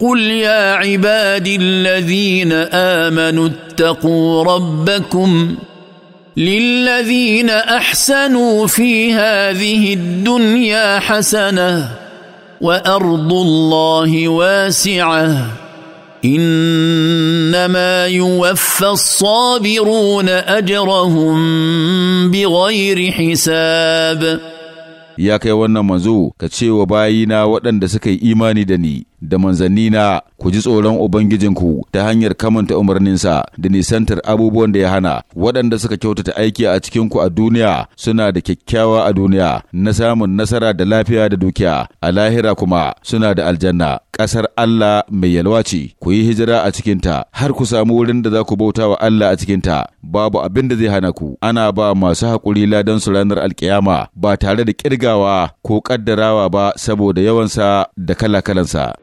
قل يا عبادي الذين امنوا اتقوا ربكم للذين احسنوا في هذه الدنيا حسنه وارض الله واسعه انما يوفى الصابرون اجرهم بغير حساب يا كي wannan كتشي ka ce wa bayina waɗanda da manzannina ku ji tsoron Ubangijinku ta hanyar kamanta umarninsa da nisantar abubuwan da ya hana waɗanda suka kyautata aiki a cikinku a duniya suna da kyakkyawa a duniya na samun nasara da lafiya da dukiya a lahira kuma suna da aljanna ƙasar Allah mai yalwa ce ku yi hijira a cikinta har ku samu wurin da za ku bauta wa Allah a cikinta babu abin da zai hana ku ana ba masu haƙuri ladan su ranar alkiyama ba tare da ƙirgawa ko ƙaddarawa ba saboda yawansa da kala-kalansa.